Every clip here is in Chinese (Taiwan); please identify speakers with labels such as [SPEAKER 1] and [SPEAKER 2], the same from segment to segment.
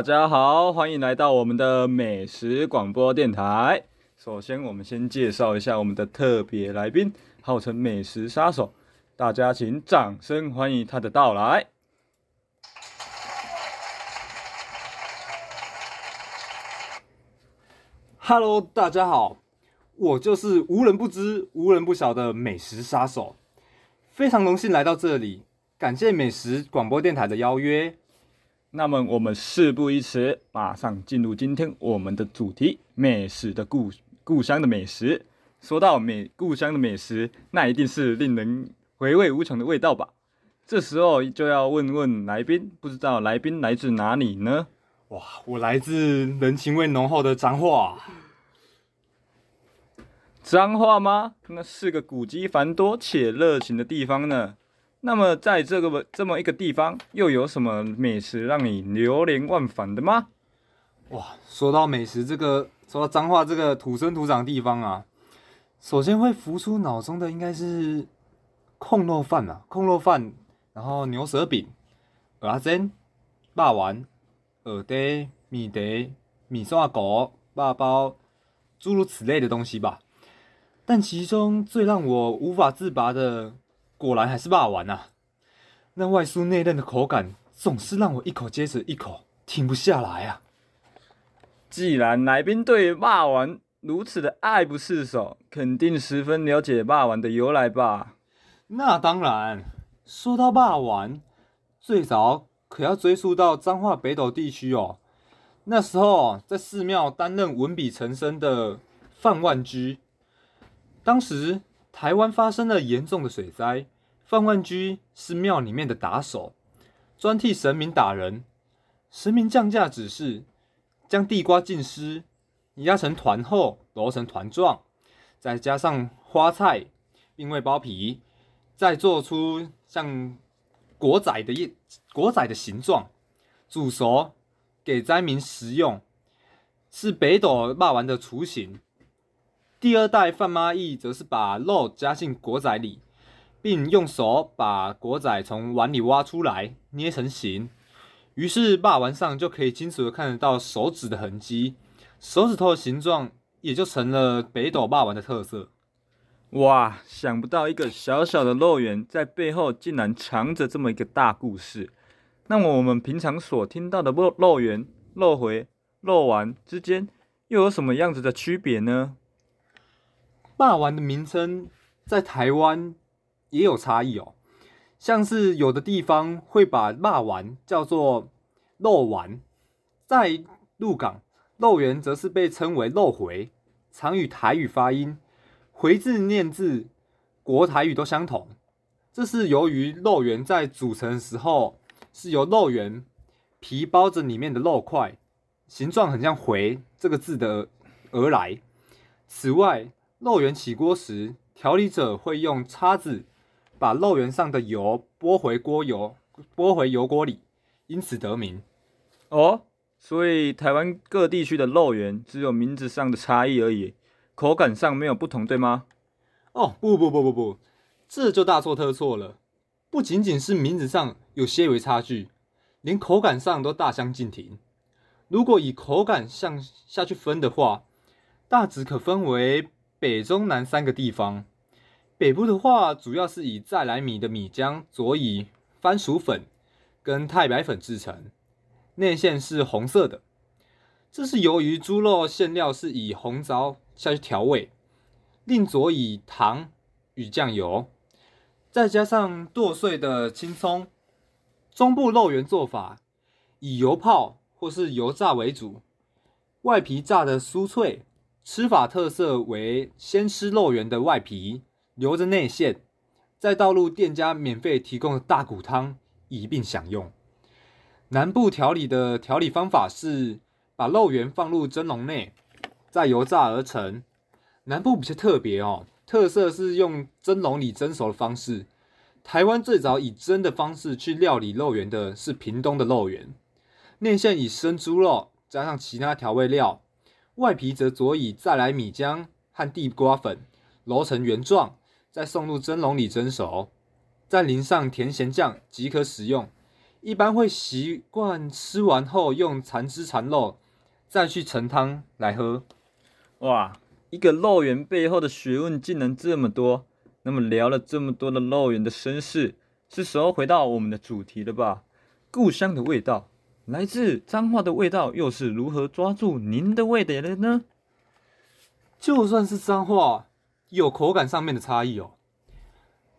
[SPEAKER 1] 大家好，歡迎來到我們的美食廣播電台。首先，我們先介紹一下我們的特別來賓，號稱美食殺手。大家請掌聲歡迎他的到來。Hello，大家好，我就是無人不知、無人不曉的美食殺手。非常榮幸來到這裡，感謝美食廣播電台的邀約。那麼我們事不宜遲，馬上進入今天我們的主題——美食的故故鄉的美食。說到美故鄉的美食，那一定是令人回味無窮的味道吧？這時候就要問問來賓，不知道來賓來自哪裡呢？哇，我來自人情味濃厚的彰化。彰化嗎？那是個古蹟繁多且熱情的地方呢。那麼，在這個這麼一個地方，又有什麼美食讓你流連忘返的嗎？哇，說到美食，這個說到彰化，這個土生土長的地方啊，首先會浮出腦中的應該是控肉飯啊，控肉飯，然後牛舌餅、蚵仔煎、肉圓、蚵嗲、麵嗲、麵線糊、肉包，諸如此類的東西吧。但其中最讓我無法自拔的，果然還是肉圓啊，那外酥內嫩的口感，總是讓我一口接着一口停不下來啊！既然來賓對肉圓如此的愛不釋手，肯定十分了解肉圓的由來吧？那當然，說到肉圓，最早可要追溯到彰化北斗地區哦。那時候，在寺廟擔任文筆陳生的范萬居，當時台灣發生了嚴重的水災。范萬居是廟裡面的打手，專替神明打人。神明降駕指示，將地瓜浸濕，壓成團後揉成團狀，再加上花菜，並未包皮，再做出像粿仔的葉粿仔的形狀，煮熟給災民食用，是北斗肉圓的雛形。第二代范媽義則是把肉加進粿仔裡。並用手把果仔從碗裡挖出來，捏成形。於是肉圓上就可以清楚地看得到手指的痕跡，手指頭的形狀也就成了北斗肉圓的特色。哇，想不到一個小小的肉圓，在背後竟然藏着這麼一個大故事。那麼我們平常所聽到的肉圓、肉回、肉丸之間，又有什麼樣子的區別呢？肉圓的名稱在台灣，也有差異哦，像是有的地方會把臘丸叫做肉丸，在鹿港肉圓則是被稱為肉回，常與台語發音，回字念字，國台語都相同。這是由於肉圓在組成時候是由肉圓皮包着裡面的肉塊，形狀很像回這個字的而來。此外，肉圓起鍋時，調理者會用叉子。把肉圓上的油撥回鍋油，撥回油鍋裡，因此得名。哦，所以台灣各地區的肉圓只有名字上的差異而已，口感上沒有不同，對嗎？哦，不不不不不，這就大錯特錯了。不僅僅是名字上有些微差距，連口感上都大相徑庭。如果以口感向下去分的話，大致可分為北中南三個地方。北部的話，主要是以再來米的米漿、佐以番薯粉跟太白粉製成，內餡是紅色的。這是由於豬肉餡料是以紅糟下去調味，另佐以糖與醬油，再加上剁碎的青蔥。中部肉圓做法以油泡或是油炸為主，外皮炸得酥脆，吃法特色為先吃肉圓的外皮，留着內餡，再倒入店家免費提供的大骨湯一併享用。南部調理的調理方法是把肉圓放入蒸籠內，再油炸而成。南部比較特別哦，特色是用蒸籠裡蒸熟的方式。台灣最早以蒸的方式去料理肉圓的是屏東的肉圓。內餡以生豬肉加上其他調味料，外皮則佐以再來米漿和地瓜粉揉成圓狀。再送入蒸籠裡蒸熟，再淋上甜鹹醬即可食用。一般會習慣吃完後用殘汁殘肉再去盛湯來喝。哇，一個肉圓背後的學問竟然這麼多！那麼聊了這麼多的肉圓的身世，是時候回到我們的主題了吧？故鄉的味道，來自彰化的味道，又是如何抓住您的味蕾了呢？就算是彰化。有口感上面的差異哦。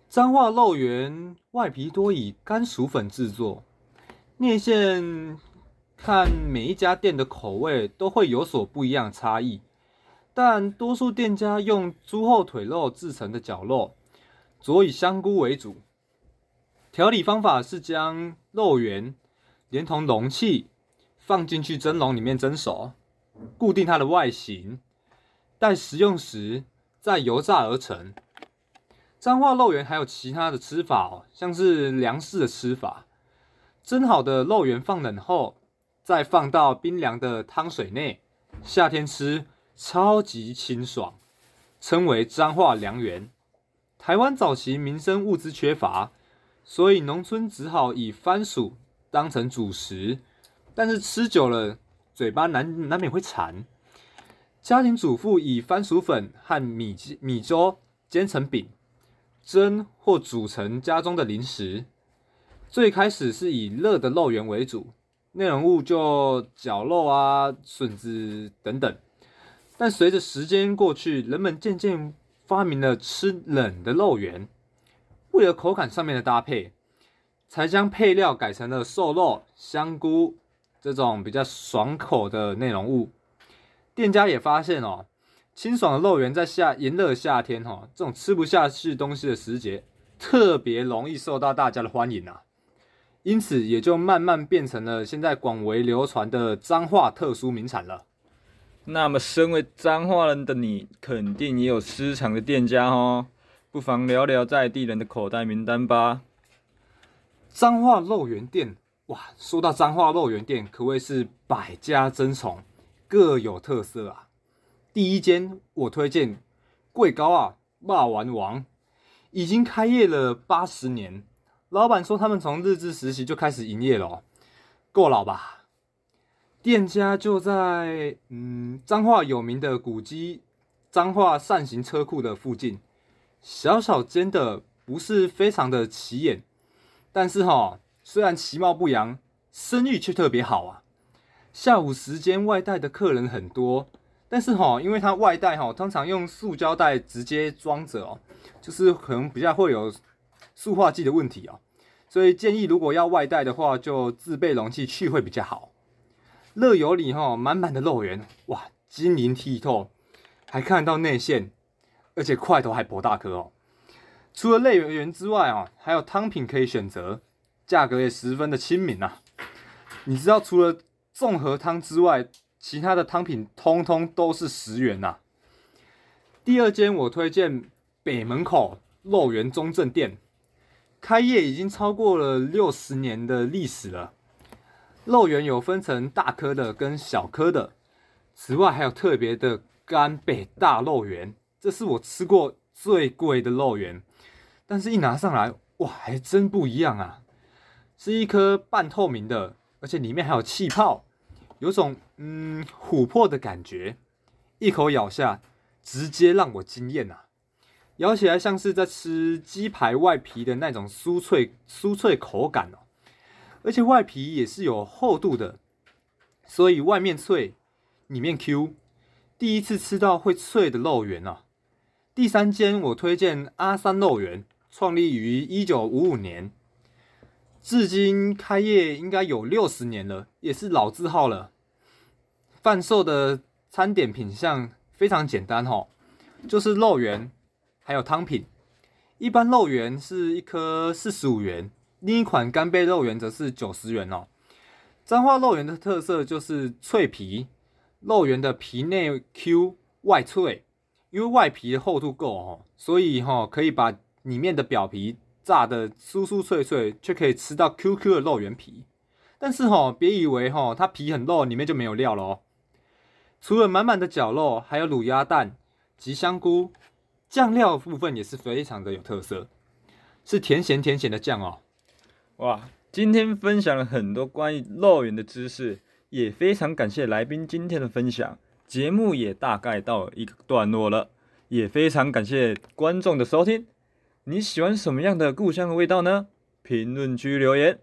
[SPEAKER 1] 彰化肉圓外皮多以甘薯粉製作，內餡看每一家店的口味都會有所不一樣的差異，但多數店家用豬後腿肉製成的絞肉，佐以香菇為主。調理方法是將肉圓連同容器放進去蒸籠裡面蒸熟，固定它的外形。待食用時，再油炸而成。彰化肉圓還有其他的吃法哦，像是涼食的吃法，蒸好的肉圓放冷後，再放到冰涼的湯水內，夏天吃超級清爽，稱為彰化涼圓。台灣早期民生物資缺乏，所以農村只好以番薯當成主食，但是吃久了，嘴巴難難免會饞。家庭主婦以番薯粉和米米粥煎成餅，蒸或煮成家中的零食。最開始是以熱的肉圓為主，內容物就絞肉啊、筍子等等。但隨着時間過去，人們漸漸發明了吃冷的肉圓，為了口感上面的搭配，才將配料改成了瘦肉、香菇，這種比較爽口的內容物。店家也發現哦，清爽的肉圓在夏炎熱的夏天哈、哦，這種吃不下去東西的時節，特別容易受到大家的歡迎，啊、因此也就慢慢變成了現在廣為流傳的彰化特殊名產了。那麼，身為彰化人的你，肯定也有私藏的店家哦，不妨聊聊在地人的口袋名單吧。彰化肉圓店，哇，說到彰化肉圓店，可謂是百家爭寵。各有特色啊！第一間我推薦桂高啊，霸王王已經開業了八十年，老闆說他們從日治時期就開始營業了、哦，夠老吧？店家就在嗯彰化有名的古蹟彰化扇形車庫的附近，小小間的不是非常的起眼，但是哈、哦、雖然其貌不揚，生意卻特別好啊。下午時間外帶的客人很多，但是哈、哦，因為它外帶哈、哦，通常用塑膠袋直接裝着哦，就是可能比較會有塑化劑的問題哦，所以建議如果要外帶的話，就自備容器去會比較好。熱油裡哈滿滿的肉圓，哇，晶瑩剔透，還看得到內餡，而且塊頭還頗大顆哦。除了肉圓之外啊、哦，還有湯品可以選擇，價格也十分的親民、啊、你知道除了綜合湯之外，其他的湯品通通都是十元吶、啊。第二間我推薦北門口肉圓中正店，開業已經超過了六十年的歷史了。肉圓有分成大顆的跟小顆的，此外還有特別的干貝大肉圓，這是我吃過最貴的肉圓，但是一拿上來，哇，還真不一樣啊！是一顆半透明的，而且裡面還有氣泡。有種嗯琥珀的感覺，一口咬下，直接讓我驚艷吶、啊！咬起來像是在吃雞排外皮的那種酥脆酥脆口感哦，而且外皮也是有厚度的，所以外面脆，裡面 Q。第一次吃到會脆的肉圓啊！第三間我推薦阿三肉圓，創立於一九五五年，至今開業應該有六十年了，也是老字號了。販售的餐點品相非常簡單，哦、就是肉圓，還有湯品。一般肉圓是一顆四十五元，另一款干貝肉圓則是九十元哦。彰化肉圓的特色就是脆皮，肉圓的皮內 Q 外脆，因為外皮的厚度夠，哦、所以，哦、可以把裡面的表皮炸得酥酥脆脆，卻可以吃到 Q Q 的肉圓皮。但是哈、哦，別以為哈、哦，它皮很厚，裡面就沒有料了哦。除了滿滿的絞肉，還有滷鴨蛋及香菇。醬料部分也是非常的有特色，是甜鹹甜鹹的醬哦。哇，今天分享了很多關於肉圓的知識，也非常感謝來賓今天的分享，節目也大概到一個段落了，也非常感謝觀眾的收聽。你喜歡什麼樣的故鄉的味道呢？評論區留言。